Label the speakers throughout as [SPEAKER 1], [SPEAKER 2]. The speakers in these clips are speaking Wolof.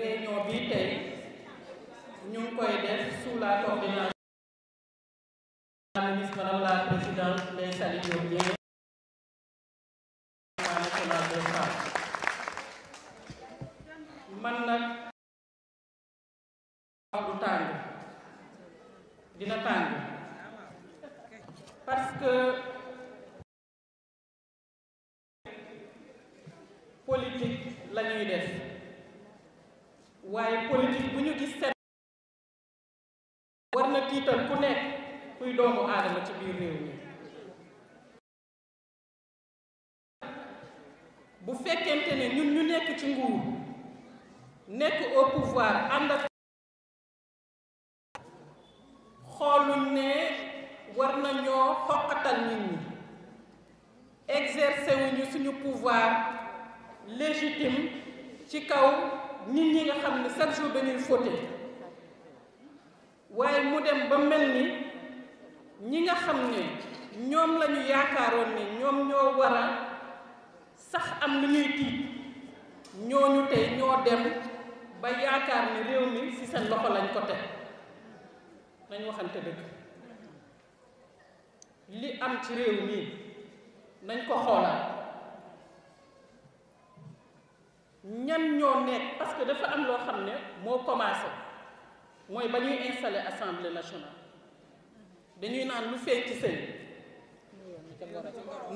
[SPEAKER 1] réunion bi tey
[SPEAKER 2] ñu ngi koy def sous la coordination la ministre la dina tàng parce que kuy doomu aadama ci biir réew mi bu fekkente ne ñun ñu nekk ci nguur nekk au pouvoir ànd ak xooluñ ne war nañoo xoqatal nit ñi exercer suñu pouvoir légitime ci kaw nit ñi nga xam ne chaque jour dañuy fóote waaye mu dem ba mel ni ñi nga xam ne ñoom la ñu yaakaaroon ne ñoom ñoo war sax am lu ñuy tiit ñooñu tey ñoo dem ba yaakaar ne réew mi ci seen loxo lañ ko teg nañ waxante dëgg li am ci réew mi nañ ko xoolaat ñan ñoo nekk parce que dafa am loo xam ne moo commencé mooy ba ñuy installer assemblée nationale. dañuy naan lu feeñ ci sëy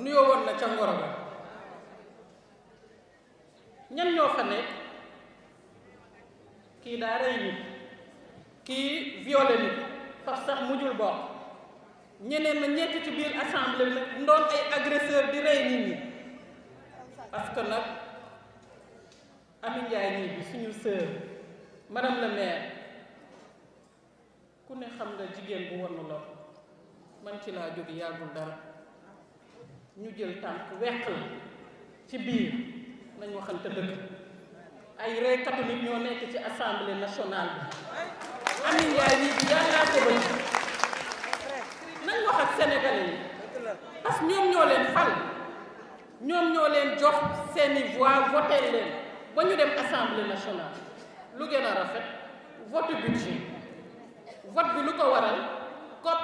[SPEAKER 2] nuyoo woon na ca ngoro ba ñan ñoo fa nekk kii daa rey nit kii violé nit faf sax mujjul bokk ñeneen na ñett ci biir assemblée nag ndoon ay agresseur di rey nit ñi parce que nag
[SPEAKER 1] Ami Njaay ñii bi suñu sœur madame le maire
[SPEAKER 2] ku ne xam na jigéen bu wanu la man ci laa jóg yàggul dara ñu jël tànk weq la ci biir nañ waxante dëgg ay rey catholique ñoo nekk ci assemblée nationale bi Amy Ndiaye ñii bi yàllaa ko bëri nañ wax ak yi parce que ñoom ñoo leen fal ñoom ñoo leen jox seeni voix voté leen ba ñu dem assemblée nationale lu gën a rafet vote budget vote bi lu ko waral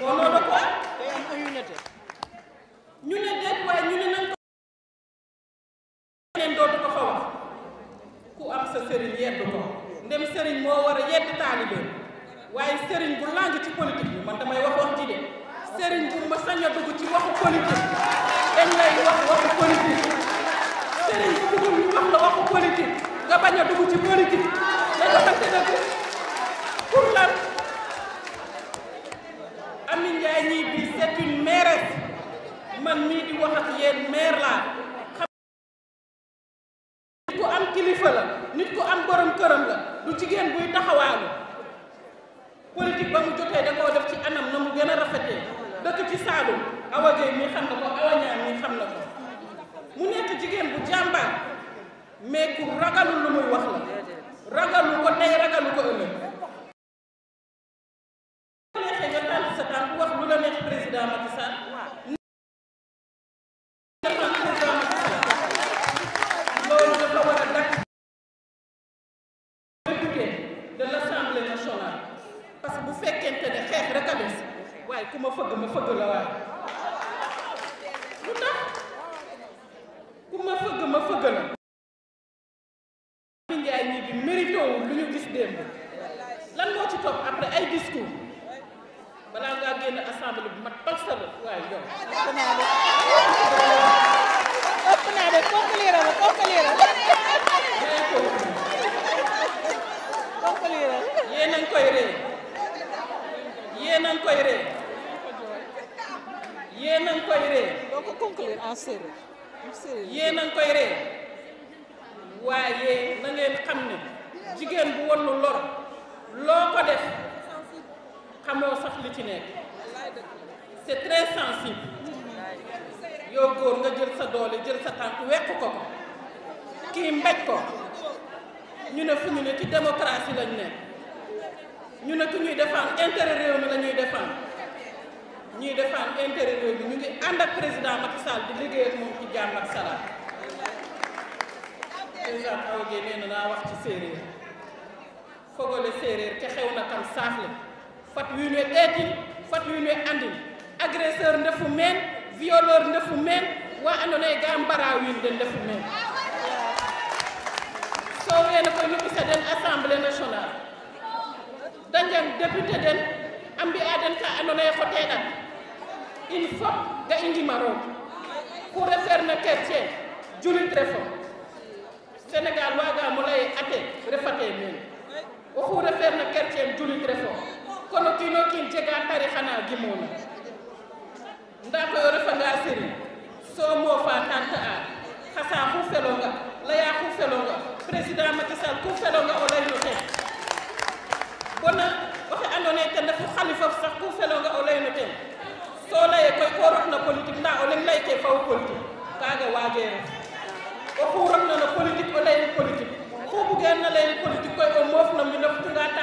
[SPEAKER 2] looloo ku am sa sëriñ yedd ko ndem sëriñ moo war a yedd taalibe waaye sëriñ bu làng ci politique bi man damay wax wax ji sëriñ bu ma sañ a dugg ci waxu politique dañ lay wax waxu politique sëriñ bu dugg ñu wax la waxu politique nga bañ a dugg ci politique dañ ko tax dëgg pour lan man mii di wax ak yéen laa xam nit ku am kilifa la nit ku am borom këram la du jigéen buy taxawaalu politique ba mu jotee da koo def ci anam na mu gën a rafetee dëkk ci Saalum Awa mii xam na ko Awa mii xam na ko mu nekk jigéen bu jàmbaar mais ku ragalul lu muy wax la ragalu ko tey ragalu ko ëllëg waay ku ma fëgg ma fëgg la waay lu tax ku ma fëgg ma fëgg la bi njaay ñi bi mérito wu lu ñu gis lan moo ci topp après ay discours balaa ngaa génn assemblée bi ma toj waaye yow ëpp naa de kookaliira la kookaliira a ngi koy ree
[SPEAKER 1] yéen a ngi koy ree
[SPEAKER 2] yéen a ngi koy ree doo ko conclure en séeréer yéen a ngi koy ree waaye na ngeen xam ne jigéen bu wonnu lor loo ko def xamoo sax li ci nekk c'est très sensible yow góor nga jël sa doole jël sa tànk wekk ko ko kii mbéj ko ñu ne fu ñu ne ci démocratie lañu ne ñu ne ku ñuy défendre intérêt réew mi la ñuy ñuy défendre intérêt bi ñu ngi ànd ak président Macky Sall di liggéey ak moom ci jàmm ak salaam président Awa Guèye naa wax ci séeréer fogole séeréer te xew na tam saaxle fat wiin we eetin fat wiin we andin agresseur ndefu meen violeur ndefu meen wa andoona yee ga mbara wiin den ndefu meen so weene koy nu ɓisa den assemblée nationale da njang député den a mbi'a den ka andoona yee il faut nga indi maroon ku refer na quartier julit refo sénégal waaga mu lay ate refate men waxu refer na quartier julit refo kono kiino kiin jega tarixa na gimuna nda koy o refanga seri so moofa tante a xasa xu felonga laya xu felonga président Macky Sall ku felonga o leyno ten bona oxe andoona yee ten refu xalifa sax ku felonga o leyno ten so laye koy ko na politique nda o leŋ leyke faw politique kaga wagero oxu rokna no politique o leyni politique oxu bugeenna leyni politique koy o moof no mbinof tunga